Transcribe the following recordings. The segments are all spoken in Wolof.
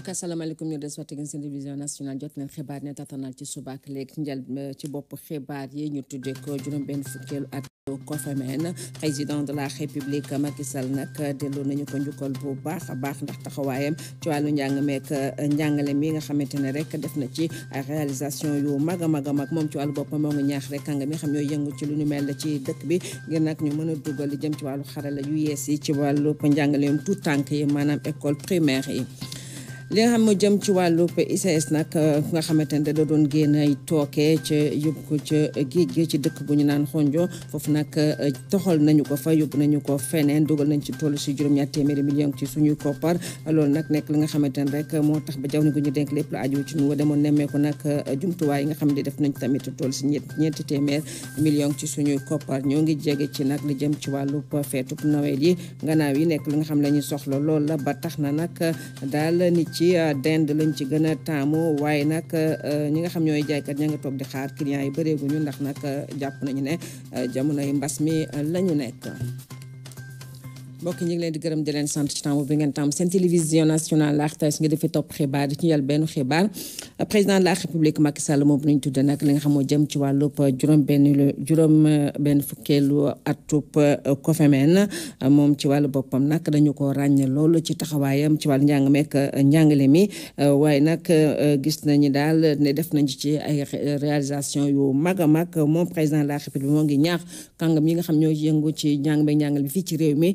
mbokk asalaamaaleykum ñu des waxtu ngeen seen télévision nationale jot nañ xibaar ne tatanal ci suba ak léegi njël ci bopp xibaar yi ñu tuddee ko juróom-benn fukkeelu at COFEMEN président de la république Macky Sall nag delloo nañu ko njukkal bu baax a baax ndax taxawaayam ci wàllu njàng meek njàngale mi nga xamante ne rek def na ci réalisation yu mag a mag a mag moom ci wàllu boppam moo u ñaax rek kànga mi xam yooy yëngu ci lu ñu mel ci dëkk bi ngir nag ñu mën a dugal jëm ci wàllu xarala yu yees yi ci wàllu njàngale yom tout tànk yi maanaam école primaire yi li nga xam ne jëm ci wàllub ICS nag euh, nga xamante ne da doon génn ay tooke ca yóbbu ko ca géej gi ci dëkk bu ñu naan xonjo foofu nag euh, toxal nañu ko fa yóbbu nañu ko feneen dugal nañ ci toll si juróom-ñaar téeméeri million ci suñuy koppar loolu nag nekk li nga xamante ne rek moo tax ba jaww gu ñu dénk lépp la aju ci ñu demoon nemmeeku nag euh, jumtuwaay yi nga xam ne def nañ tamit toll si ñett ñeenti téeméer million ci suñuy koppar ñoo ngi jege ci nag li jëm ci wàllub feetub Noël yi nganaaw yi nekk li nga xam ne la soxla loolu la ba tax na nag daal nit ci euh, dend lañ ci gën a taamu waaye nag euh, ñi nga xam ñooy jaaykat ña nga toog di xaar clients yi bëreeguñu ndax nag euh, jàpp nañu ne jamonoy mbas mi la ñu nekk. mbokk ñi ngi leen di gërëm di leen sant ci tàmm bi ngeen tàmm seen télévision nationale la RTS defee topp xibaar di ci benn xibaar président la république Macky Sall moom ñu tuddee nag li nga xam moo jëm ci wàllub juróom benn juróom benn fukkeelu atub COFEMEN moom ci wàllu boppam nag dañu ko ràññee lool ci taxawaayam ci wàllu njàng meek njàngale mi waaye nag gis nañu daal ne def nañu ci ay réalisation yu mag a mag moom président la république moo ngi ñaax kàngam yi nga xam ñoo yëngu ci njàng meek njàngale fii ci réew mi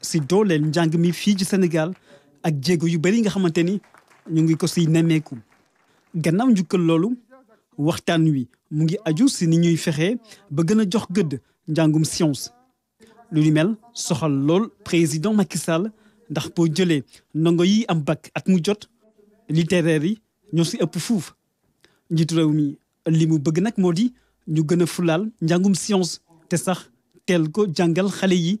si dooleel njàng mi fii ci Sénégal ak jéego yu bari nga xamante ni ñu ngi ko siy nemmeeku. gannaaw njukkal loolu waxtaan wi mu ngi aju si ni ñuy ba gën jox science lu ni mel soxal lool président Macky ndax boo jëlee ndongo yi am bac at mu jot littéraire yi ñoo si ëpp fuuf njiitu réew li mu bëgg di ñu science te sax teel ko xale yi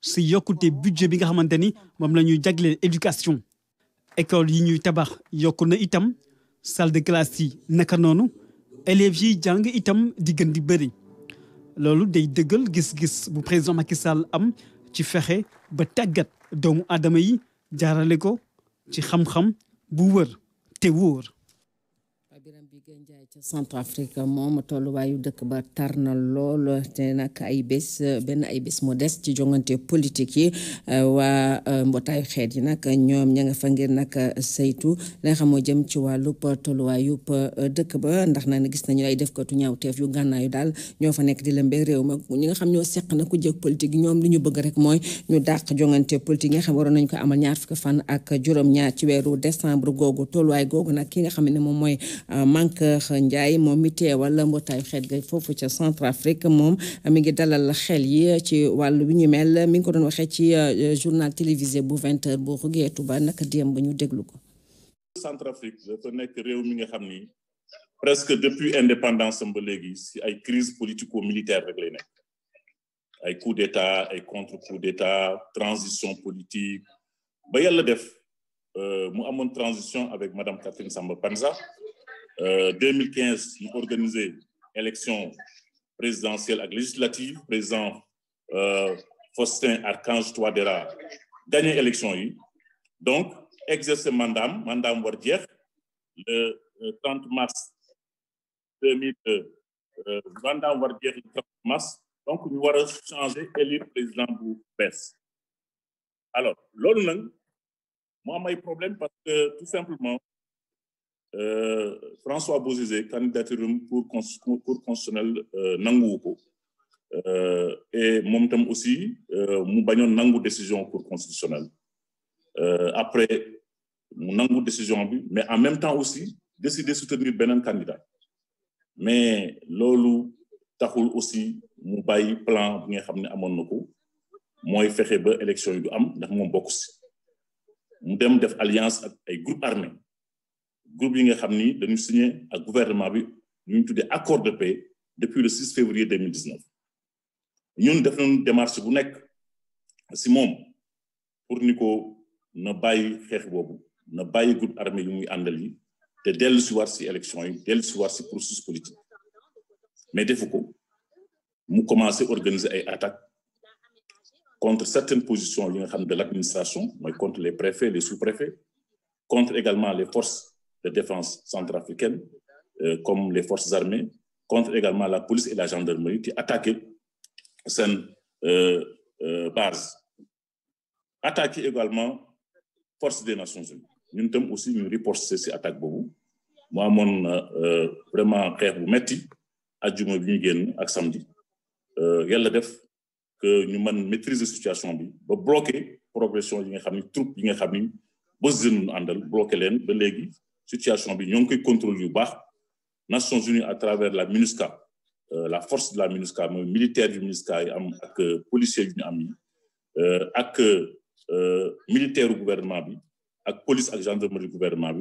si yokkute budget bi nga xamante ni moom la ñuy jagleel éducation école yi ñuy tabax yokku na itam salle de classe yi naka noonu élèves yi jàng itam diggante gën bëri loolu day dëggal gis-gis bu président Macky Sall am ci fexe ba tàggat doomu aadama yi jaarale ko ci xam-xam bu wër te wóor Gueye Ndiaye ca Centrafrique moom tolluwaayu dëkk ba tar na lool te nag ay bés benn ay bés mu des ci jongante politique yi waa euh, mbootaayu xeet yi nag ñoom ña nga fa ngir nag saytu la nga xam moo jëm ci wàllub tolluwaayu euh, dëkk ba ndax na gis nañu ay def defkatu ñaawteef yu gànnaayu daal ñoo fa nekk di lëmbee réew ma ñi nga xam ñoo seq na ku jëg politique ñoom li ñu bëgg rek mooy ñu dàq jongante politique yi nga xam waroon nañu ko amal ñaar fukki fan ak juróom-ñaar weeru décembre googu tolluwaay googu nag ki nga xam Babacar Ndiaye moom mi teewal mbootaayu xeet ga foofu ca Centrafrique mom mi ngi dalal xel yi ci walu wi ñu mel mi ngi ko don waxe ci euh, journal télévisé bu 20 h bu Touba nak dem démb ñu déglu ko. Centrafrique dafa nekk réew mi nga xamni presque depuis indépendance am ba léegi si ay crise politico-militaire rek lay nekk ay coup d'état ay contre coup d'état transition politique ba yalla def euh mu amoon transition avec madame Catherine Samba Panza 2015, nous organisé élection présidentielle et législative. Président euh, Faustin Archange Touadéra Dernière élection. Donc, exercer mandat, mandat Wardier, le 30 euh, mars 2002. Euh, mandat Wardier le 30 mars. Donc, nous allons changer élire président pour PES. Alors, l'ONU, moi, j'ai un problème parce que tout simplement, euh, François Bozizé pour pour cour constitutionnel euh, Nangouko Euh, et moom tam aussi euh, mu eu une décision pour cour constitutionnelle après eu une décision mais en même temps aussi décider soutenir Benin candidat mais lolo taxul aussi mon un plan bi nga xam ne amoon na ko mooy élection du am mon dem alliance avec un groupe armé groupe yi nga xam ni signé ak gouvernement bi ñu accord de paix depuis le 6 février 2019 ñun def nañu démarche bu nekk si moom pour ni ko na bàyyi xeex boobu na bàyyi groupe ne yu muy àndal yi te dellu si si élection yi processus politique mais defu ko mu commencé organiser ay attaques contre certaines positions yi nga de l'administration, contre les préfets les sous-préfets contre également les forces de défense centrafricaine, euh, comme les forces armées, contre également la police et la gendarmerie qui attaquent cette euh, euh, base. Attaquer également forces des Nations Unies. Nous sommes aussi une riposte ces attaques. Moi, suis euh, vraiment très vous metti à Djuma Bingen à samedi. Euh, Yalla def que nous man maîtriser la situation bi, bloquer progression des troupes, xamni troupe yi nga xamni bloquer len ba situation bi ñoo koy contrôle yu baax Nations Unies à travers la MINUSCA euh, la force de la MINUSCA militaires militaire du MINUSCA yi am ak euh, policier yu ñu am euh, militaire gouvernement bi ak police ak gendarmerie gouvernement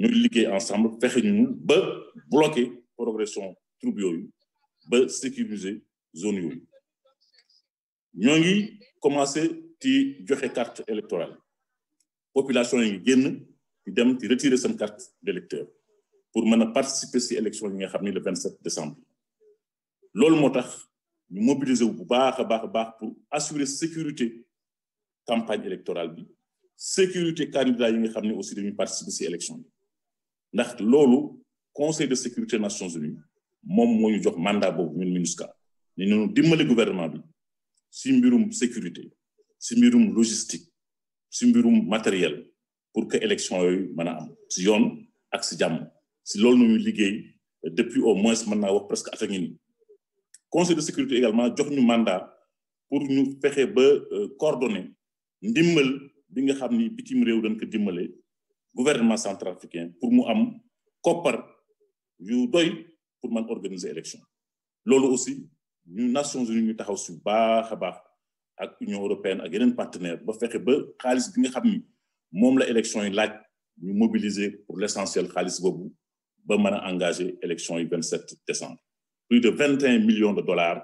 nous ñooy ensemble pour ñu ba bloquer progression troupe yooyu ba sécuriser zone Nous ñoo ngi commencé faire joxe carte électorale population yi il dem di retirer sa carte d'électeur pour participer à élection yi nga le 27 décembre lool motax ñu mobiliser bu baax a baax baax pour assurer sécurité campagne électorale bi sécurité candidat yi nga xamni aussi dañuy participer ces élection ndax loolu conseil de sécurité nations unies mom moñu jox mandat boobu ñun MINUSCA ñu dimbali gouvernement bi ci mbirum sécurité ci mbirum logistique ci mbirum matériel pour que l'élection ait eu, a si on ak si si ñuy depuis au moins maintenant presque à a Le conseil de sécurité également donné un mandat pour nous faire euh, coordonner le bi nga xam ni bitim gouvernement centrafricain pour nous am copper, yudoy, pour nous organiser l'élection, lolo aussi ñu Nations Unies ñu taxaw Union européenne ak yeneen partenaires, pour faire ba xaalis bi même la élection yi laaj ñu mobiliser pour l'essentiel Khalis Bobou ba mëna engagé engager élection yi 27 décembre plus de 21 millions de dollars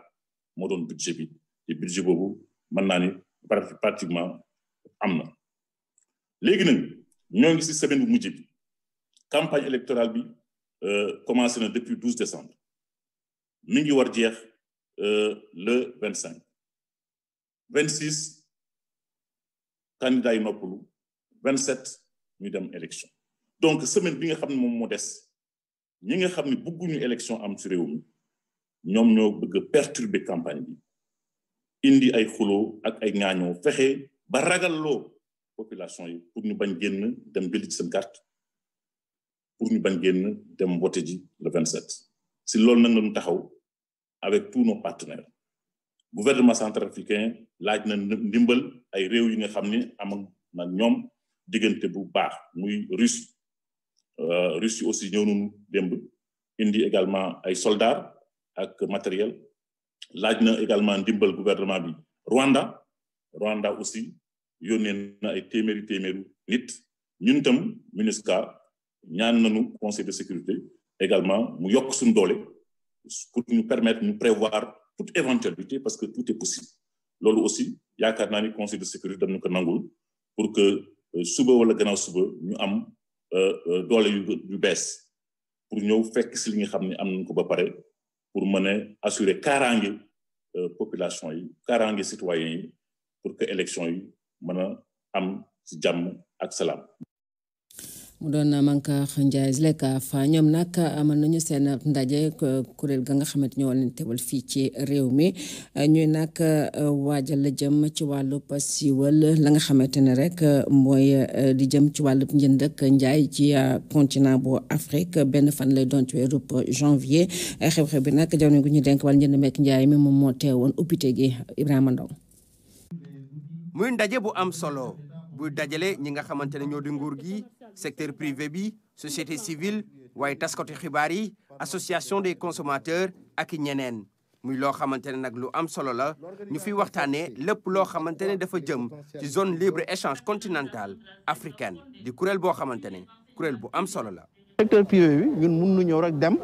mo le budget bi le budget bobu mën ni pratiquement amna légui léegi ñoo ngi ci semaine bu campagne électorale bi euh, commencé na depuis 12 décembre Nous ngi war euh, le 25 26 candidats yi noppalu. 27 ñu dem élection donc semaine bi nga xam ne mo dess ñi nga xam bëggu ñu élection am ci réew mi ñoom ñoo bëgg perturber campagne bi indi ay xulo ak ay ŋaañoo fexé ba ragalloo population yi pour ñu bañ génn dem bilit ci carte pour ñu bañ génn dem voter ji le 27. si lool nag lañu taxaw avec tous nos partenaires gouvernement centrafricain laaj na ndimbal ay réew yi nga xam am na ñom diggante bu baax muy russe euh, russe aussi ñëw nañu démb indi également ay soldats ak matériel laaj na également ndimbal gouvernement bi Rwanda Rwanda aussi yónnee na ay téeméeri téeméeru nit ñun tam MINUSCA ñaan nañu conseil de sécurité également mu yokk suñ doole pour ñu permettre ñu prévoir toute éventualité parce que tout est possible loolu aussi yaakaar naa ni conseil de sécurité dañu ko nangul pour que euh, suba wala gannaaw suba ñu am euh, euh, doole yu yu bees pour ñëw fekk si li nga xam ne am nañ ko ba pare pour mën a assurer kaaraange population yi kaaraange citoyens yi pour que élection yi mën a am ci jàmm ak salaam. mu doon Mankar Ndiaye ZLECAf ñoom nag amal nañu seen ndaje kuréel ga nga xamante ñoo leen teewal fii ci réew mi ñuy nag uh, waajal la jëm ci wàllub siiwal la nga xamante ne rek uh, mooy uh, di jëm ci wàllub njënd ak njaay ci continant bu Afrique benn fan lay doon ci weeru janvier xew-xew bi nag jaw gu ñu denk wàll njënd meek njaay mi moom moo teewoon ubbite gi Ibrahima Ndong muy ndaje bu am solo. buy dajalee ñi nga xamante ne ñoo di nguur gi secteur privé bi société civile waaye taskati xibaar yi association des consommateurs ak i ñeneen muy loo xamante ne nag lu am solo la ñu fiy waxtaanee lépp loo xamante ne dafa jëm ci zone libre échange continentale africaine di kuréel boo xamante ne kuréel bu am solo la. secteur privé bi ñun mun nu ñëw rek dem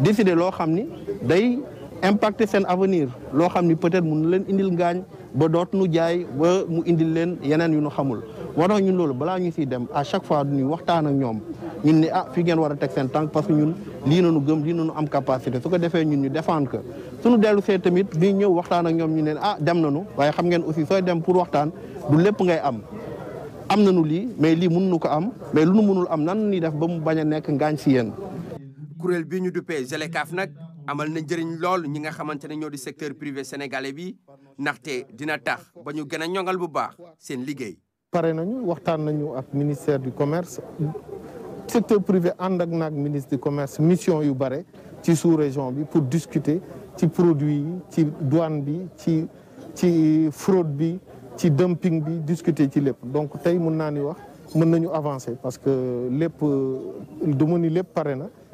décider loo xam ni day impacter seen avenir loo xam ni peut-être mun leen indil ngaañ ba dootuñu jaay ba mu indil leen yeneen yu ñu xamul. wono ñun lolu bala ñu ci dem à chaque fois ñu waxtaan ak ñom ñun ne ah fi gën wara tek sen tank parce que ñun li nañu gëm li nañu am capacité su ko défé ñun ñu défendre que suñu dellu sé tamit bi ñëw waxtaan ak ñom ñu né ah dem nañu waye xam ngeen aussi soy dem pour waxtaan du lepp ngay am am nañu li mais lii mënuñu ko am mais lu ñu mënul am nan ni def ba mu baña nek ngañ ci yeen kurel bi ñu duppee Zelekaaf nak amal na jëriñ lool ñi nga xamante ñoo di secteur privé sénégalais bi naxté dina tax ba ñu gën ñongal bu baax seen liggéey paré nañu waxtaan nañu ak ministère du commerce secteur privé ànd ak ministère ministre du commerce mission yu qui ci sous région bi pour discuter ci produits ci douane bi ci ci fraude bi ci dumping bi discuter ci lépp donc tay mën naa wax mën nañu avancer parce que lépp du ni lépp paré na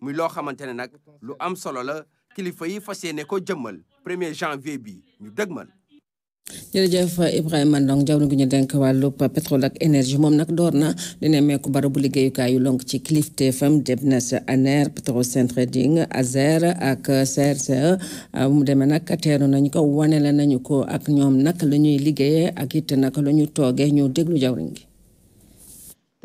muy loo xamante ne nag lu am solo la kilifa yi fas yéene ko jëmmal premier er janvier bi ñu dëgmal. jërëjëf Ibrahima Ndong jaww gi ñu denk wàllu pétrole ak énergie moom nag door na di nemmeeku barabu liggéeyukaay yu lonk ci kilifteefam dem na sa ANER Petrosen Trading ASER ak CRCE ah, mu demee nag teeru nañu ko wane la nañu ko ak ñoom nag la ñuy liggéeyee ak it nag la ñu toogee ñu déglu jawriñ gi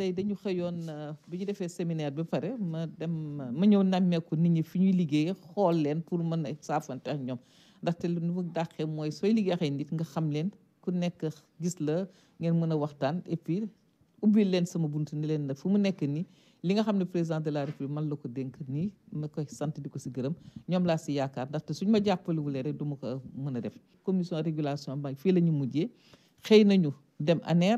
tey dañu xëyoon euh, bi ñu defee séminaire ba pare ma dem ma ñëw nammeeku nit ñi fi ñuy liggéey xool leen pour mën a saafante ak ñoom ndaxte lu mu dàqee mooy sooy liggéey nit nga xam leen ku nekk gis la ngeen mën a waxtaan et ubbil leen sama bunt ni leen fu mu nekk nii li nga xam ne président de la république man la ko dénk nii ma koy sant di ko si gërëm ñoom laa si yaakaar ndaxte suñ ma jàppalewulee rek du ma ko mën a def commission régulation banque fii la ñu mujjee xëy nañu dem ANER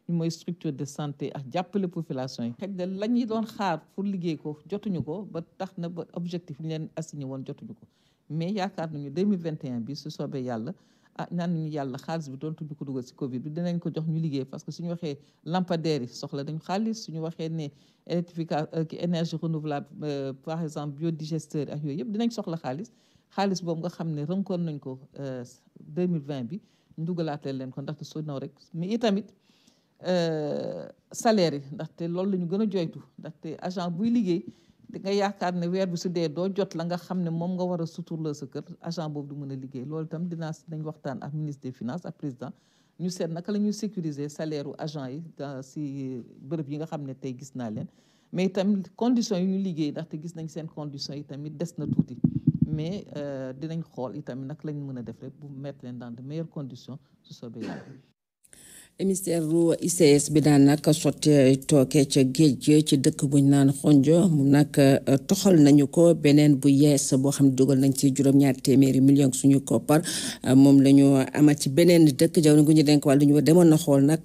mooy structure de santé ak jàppale population yi xëj na la doon xaar pour liggéey ko jotuñu ko ba tax na ba objectif ñu leen assigné woon jotuñu ko mais yaakaar nañu 2021 bi su soobee yàlla ah ñaan nañu yàlla xaalis bi doon tuddu ko dugal si Covid bi dinañ ko jox ñu liggéey parce que suñu waxee lampadaires yi soxla dañu xaalis suñu waxee ne électrification euh, énergie renouvelable euh, par exemple biodigesteur ak yooyu yëpp dinañ soxla xaalis xaalis boobu nga xam ne rënkoon nañ ko 2020 euh, bi ndugalaat leen ko ndaxte su naw rek mais itamit euh, salaire c'est ndaxte loolu nous avons gën a joytu agent buy liggéey nga ne weer bu su jot la nga nga a le sa agent boobu du mën a liggéey loolu dañ ministre des finances président ñu seet naka la sécuriser salaire agent yi si yi mais itam conditions yi ñu conditions yi tamit des na mais dans de meilleures conditions su ministère ru ICS bi daan nag sotti eh, tooke ca géej gi ci dëkk buñ naan xonjo mu nag eh, toxal nañu ko beneen bu yees boo xam ne dugal nañ ci juróom-ñaar téeméeri million suñu koppar eh, moom la ñu amal ci beneen dëkk jaw gu ñu denk wàllu ñu demoon na xool nag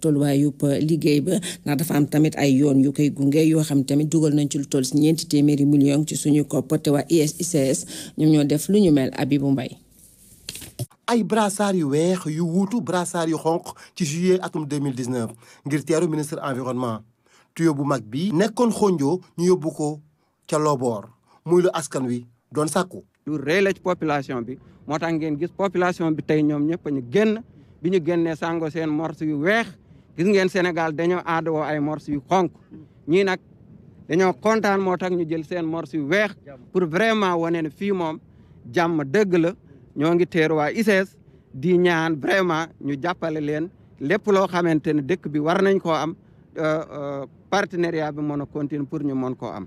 tolluwaayu liggéey ba ndax dafa am tamit ay yoon yu koy gunge yoo xam tamit dugal nañ ci lu toll si ñeenti téeméeri million ci suñu koppar te waa ICS ñoom ñoo def lu ñu mel bu mbay ay brassard yu weex yu wuutu brassard yu xonq ci juillet atum 2019 ngir teeru ministre environnement tuyau bu mag bi nekkoon xonjoo ñu yóbbu ko ca Loboor muy lu askan wi doon sàkku lu rëy la ci population bi moo tax ngeen gis population bi tey ñoom ñëpp ñu génn bi ñu génnee sàngoo seen morse yu weex gis ngeen Sénégal dañoo aadawoo ay morse yu xonk ñii nag dañoo kontaan moo tax ñu jël seen morse yu weex pour vraiment wane ne fii moom jàmm dëgg la ñoo ngi teeru waa ICS di ñaan vraiment ñu jàppale leen lépp loo xamante ne dëkk bi war nañ koo am euh, euh, partenariat bi mën a kontine pour ñu mën koo am.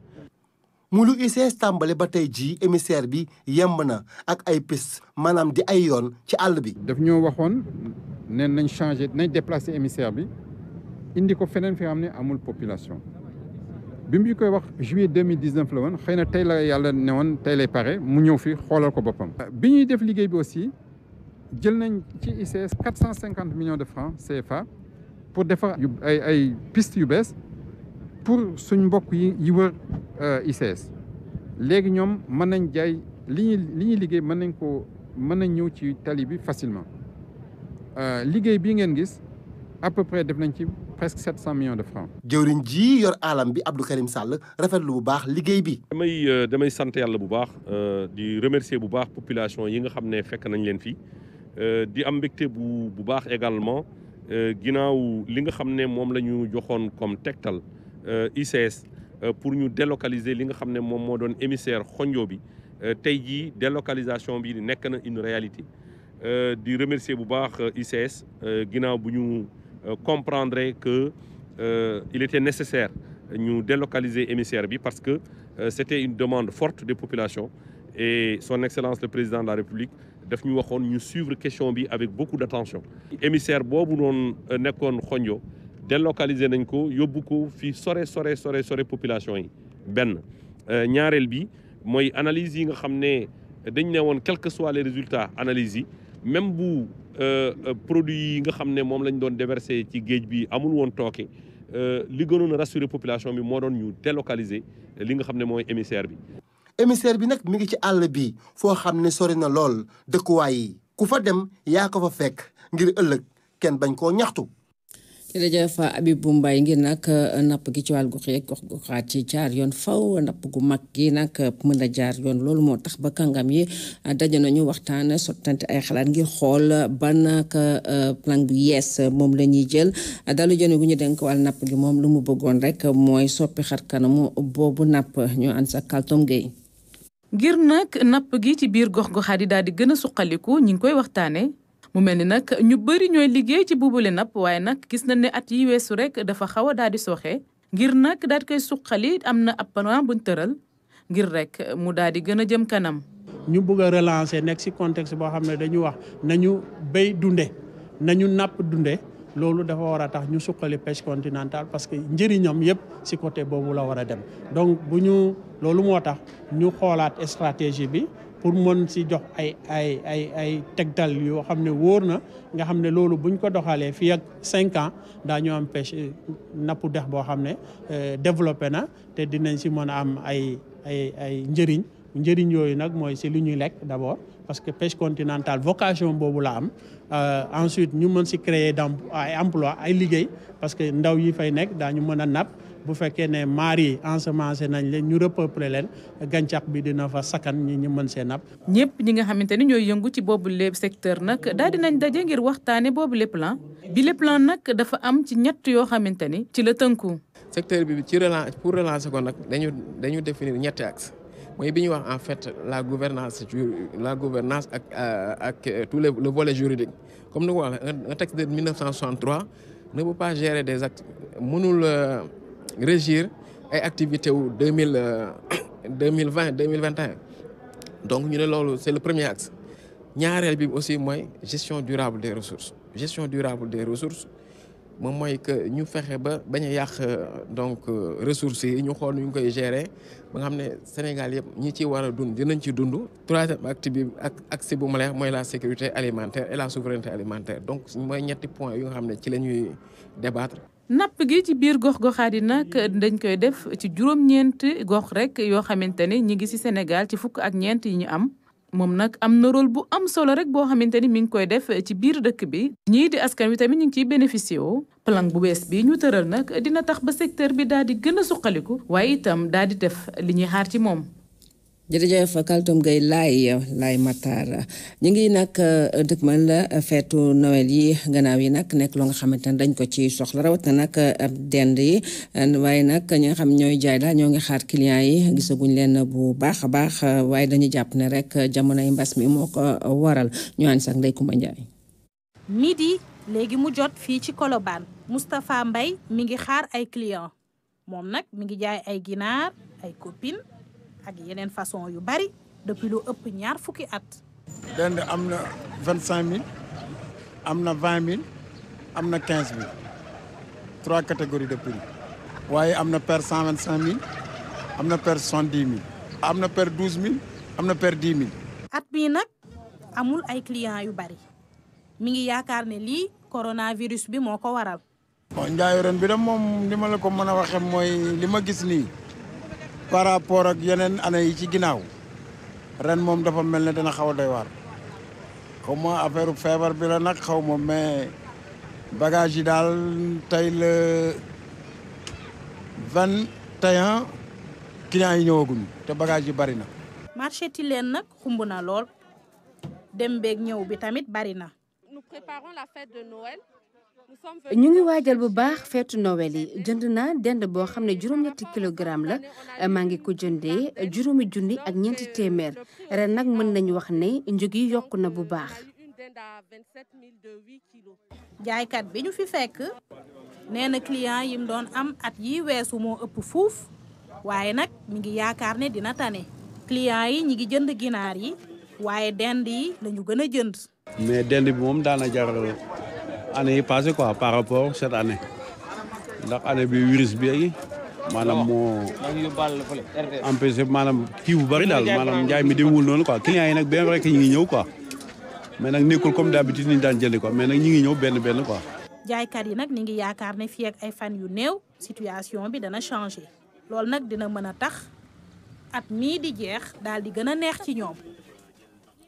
mu lu ICS tàmbali ba tey jii émissaire bi yemb na ak ay piste maanaam di ay yoon ci àll bi. daf ñoo waxoon nen nañ changé nañ déplacé émissaire bi indi ko feneen fi xam ne amul population. bi mu koy wax juillet 2019, mille dix neuf la woon xëy na tey la yàlla ne woon tey lay pare mu ñëw fi xoolal ko boppam. bi ñuy def liggéey bi aussi jël nañ ci ICS 450 millions de francs CFA pour defar ay ay piste yu bees pour suñ mbokk yi yi wër euh, ICS léegi ñoom mën nañ jaay li ñuy li ñuy liggéey mën nañ mën nañ ñëw ci tali bi facilement euh, liggéey bi ngeen gis à peu près def nañ ci presque 700 millions de francs. jëwriñ ji yor alam bi Abdou Karim Sall rafetlu bu baax liggéey bi. damay euh, damay sante Yalla bu baax euh, di remercier bu baax population yi nga xamné fekk nañ leen euh di am bu bu baax également euh, ginaaw li nga xamné mom lañu joxone comme joxoon euh ICS pour ñu délocaliser li nga xamné mom mo doon émissaire xonjo bi tay ji délocalisation bi nekk na une réalité di remercier bu baax ICS ginaaw bu ñu. Euh, comprendrait que euh, il était nécessaire ñu délocaliser émissaire bi parce que euh, c'était une demande forte des populations et son excellence le président de la république daf ñu ñu suivre question bi avec beaucoup d'attention émissaire bobu non nekkoon Xonjo délocaliser nañ ko yóbbu ko fii sore sore sore sore population yi benn ñaarel bi moy analyse yi nga xamné dañ que soient les résultats analyse même bu Euh, euh, produits yi nga xam ne moom lañ doon déversé ci géej bi amul woon tooke euh, li gënoon rassurer population bi moo doon ñu délocaliser li nga xam ne mooy émissaire bi. émissaire bi nag mi ngi ci àll bi foo xam ne sori na lool dëkkuwaay yi ku fa dem yaa ko fa fekk ngir ëllëg kenn bañ koo ñaxtu. jërëjëf Abibou Mbaye ngir nag eh, napp gi ci wàllu gox yeeg gox goxaat ci jaar yoon faw napp gu mag gi nag eh, mën a jaar yoon loolu moo tax ba kàngam yi eh, daje nañu waxtaan sottante ay xalaat ngir xool ban plan bu yees moom la ñuy jël dalu jëne gu ñu dénk wàll gi lu mu bëggoon rek mooy soppi xar kanamu boobu napp ñu ànd sa kaltom gay ngir nak napp gi ci biir gox goxaat yi daal di gën suqaliku koy mu mel ni nag ñu bëri ñooy liggéey ci buubule napp waaye nag gis nañ ne at yi weesu rek dafa xaw a daal di sooxe ngir nag daal di koy suqali am na ab plan buñ tëral ngir rek mu daal di gën a jëm kanam. ñu bëgg a relancer nekk ci contexte boo xam ne dañu wax nañu béy dunde nañu napp dunde loolu dafa war a tax ñu suqali pêche continentale parce que njëriñam yëpp ci côté boobu la war a dem donc bu ñu loolu moo tax ñu xoolaat stratégie bi. pour mën si jox ay ay ay ay tegtal yoo xam ne wóor na nga xam ne loolu buñ ko doxalee fii ak cinq ans daañu am pêche nappu dex boo xam ne euh, développé na te dinañ si mën a am ay ay ay njëriñ njëriñ yooyu nag mooy si li ñuy lekk d'abord parce que pêche continentale vocation boobu la am euh, ensuite ñu mën si créer ay emploi ay liggéey parce que ndaw yi fay nekk daañu mën a napp bu fekkee ne maar yi ensemencé nañ leen ñu repeupler leen gàncax bi dina fa sakkan ñi ñu mën see napp. ñëpp ñi nga xamante ni ñooy yëngu ci boobu lépp secteur nag daal dinañ daje ngir waxtaane boobu lépp plan bi lépp plan nag dafa am ci ñett yoo xamante ni ci la tënku. secteur bi ci relance pour relancer ko nag dañu dañu définir ñetti axe mooy bi ñu wax en fait la gouvernance la gouvernance ak euh, ak euh, tout le volet juridique comme ni ko waxee un texte de 1963 ne peut pas gérer des actes mënul. Euh, régir euh, et activité au 2020-2021. donc c'est le premier axe Nous avons aussi la gestion durable des ressources gestion durable des ressources c'est que nous faisons euh, euh, ressources nous ñu gérons, gérer ba nga xam Sénégal troisième axe la sécurité alimentaire et la souveraineté alimentaire donc nous ñetti des points nga xam nous ci débattre. napp gi ci biir gox-goxaat yi nag mm. dañ koy def ci juróom-ñeenti gox rek yoo xamante ne ñi ngi si Sénégal ci fukk ak ñeent yi ñu am moom nag am na rôle bu am solo rek boo xamante ni mi ngi koy def ci biir dëkk bi. ñii di askan wi tamit ñu ngi ciy bénéficié woo plan bu wees bi ñu tëral nag dina tax ba secteur bi daal di gën a suqaliku waaye itam daal di def li ñuy xaar ci moom. jërëjëf Kaltoum Gueye Laye ya, Laye Matar ñi ngi eh, man la eh, fetu Noël yi gannaaw yi nak nek lo nga xamantene dañ ko ci soxla rawat nak ab eh, dend yi waaye nak ñi nga xam ñoy jaay la ñoo ngi xaar client yi gisaguñ leen bu baax bah. baax way dañu japp ne rek yi mbass mi moko waral ñu an sax Ndeye Koumba jaay midi legi mu jot fi ci koloban mustafa mbay mi ngi xaar ay client mom nak mi ngi jaay ay ginar ay copine ak yeneen façon yu bari depuis lu ëpp ñaar fukki at. dend am na vingt cinq mille am na vingt mille am na quinze mille trois de prix waaye am na per cent vingt cinq am na per cent dix mille am na per douze mille am na per dix mille. at bii nag amul ay clients yu bari mu ngi yaakaar ne lii coronavirus bi moo ko waral. bon njaayu ren bi de moom li ma la ko mën a waxee mooy li ma gis nii. par rapport ak yeneen année yi ci ginnaaw ren moom dafa mel ne dana xaw a doy waar xaw ma affaire feebar bi la nag xaw ma mais bagage yi daal tey la vingt et un clients yi ñëwaguñu te bagage yi bari na. marché Tilène nag xumb na lool dem beeg ñëw bi tamit bari na. ñu ngi waajal bu baax feetu Noël yi jënd na dend boo xam ne juróom-ñetti kilogramme la maa ngi ko jëndee juróomi junni ak ñeenti téeméer ren nag mën nañu wax ne njëg yi yokku na bu baax. kilo jaaykat bi ñu fi fekk nee na client yi doon am at yi weesu moo ëpp fuuf waaye nag mi ngi yaakaar ne dina tane client yi ñi ngi jënd ginaar yi waaye dend yi lañu gën a jënd. mais dend bi moom daana jar année yi passé quoi par rapport cette année ndax année bi virus bi maanaam moo empêché maanaam kii bu bari daal maanaam njaay mi demewul noonu quoi clients yi nag benn rek que ñu ngi ñëw quoi mais nag nekkul comme d'habitude ni ñu daan jëndi quoi mais nag ñu ngi ñëw benn benn quoi. jaaykat yi nag ñu ngi yaakaar ne fii ay fan yu néew situation bi dana changé loolu nag dina mën a tax at mii di jeex daal di gën a neex ci ñoom.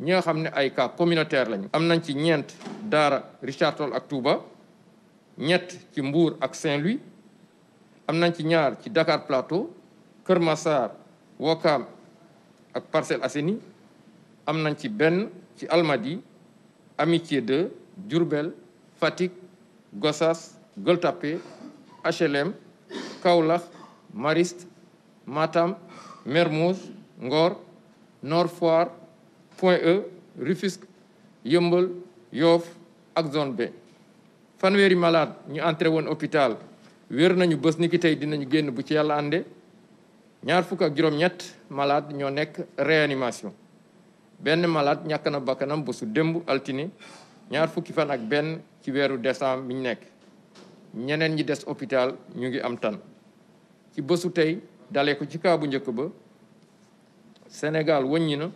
Nous avons ay communautaire lañu am nañ ci Richard Toll ak Touba ñett ci Mbour ak Saint-Louis Dakar Plateau Kër Wakam Wokam ak Ben am ci ci Amitié de Durbel, Fatik, Gossas Goltapé, HLM Kaulach, Marist, Matam Mermoz Ngor Norfoir, point E Rufisque Yëmbal Yoof ak zone B fanweeri malade ñu entré woon hôpital wér nañu bës ni tey dinañu génn bu ci yàlla ànde ñaar fukk ak juróom-ñett malade ñoo nekk réanimation benn malade ñàkk na bakkanam bésu dëmb altine ñaar fukki fan ak benn ci weeru décembre mi nekk ñeneen ñi des hôpital ñu ngi am tan ci bësu tey dalee ko ci kaabu njëkk ba Sénégal wëññi na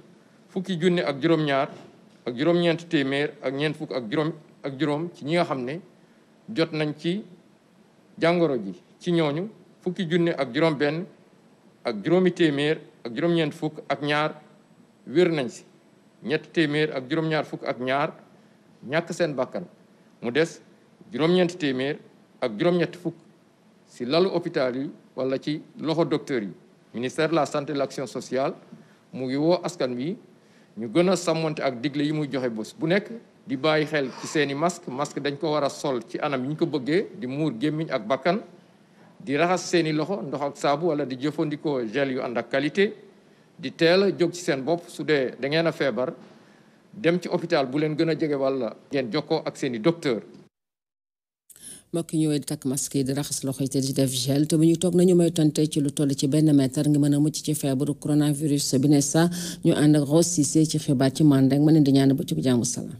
fukki junne ak juróom-ñaar ak juróom téeméer ak ñeent fukk ak juróom ak juróom ci ñi nga xam ne jot nañ ci jàngoro ji ci ñooñu fukki junni ak juróom-benn ak juróomi téeméer ak juróom-ñeent fukk ak ñaar wér nañ si ñetti téeméer ak juróom-ñaar fukk ak ñaar ñàkk seen bakkan mu des juróom-ñeent téeméer ak juróom-ñetti fukk si lalu hôpital yi wala ci loxo docteur yi ministère de la santé et de sociale mu ngi woo askan wi ñu gën a ak digle yi muy joxe bu di bàyyi xel ci seeni masque masque dañ ko war sol ci anam ñu ko di mur gémmiñ ak bakkan di raxas seeni loxo ndox ak saabu wala di jëfandikoo gel yu ànd ak qualité di teel jog jóg ci seen bopp su dee da ngeen a feebar dem ci hôpital bu leen wala ngeen ak seeni docteur mbokk yi ñëwee di takk masque yi di raxas loxo yi te di def gel te bu ñuy toog nañu may tante ci lu toll ci benn mètre nga mën a mucc ci feebaru coronavirus bi ne sax ñu ànd ak Rose Cissé ci xibaar ci Mandeng ma ne di ñaan ba ci jàmm salaam.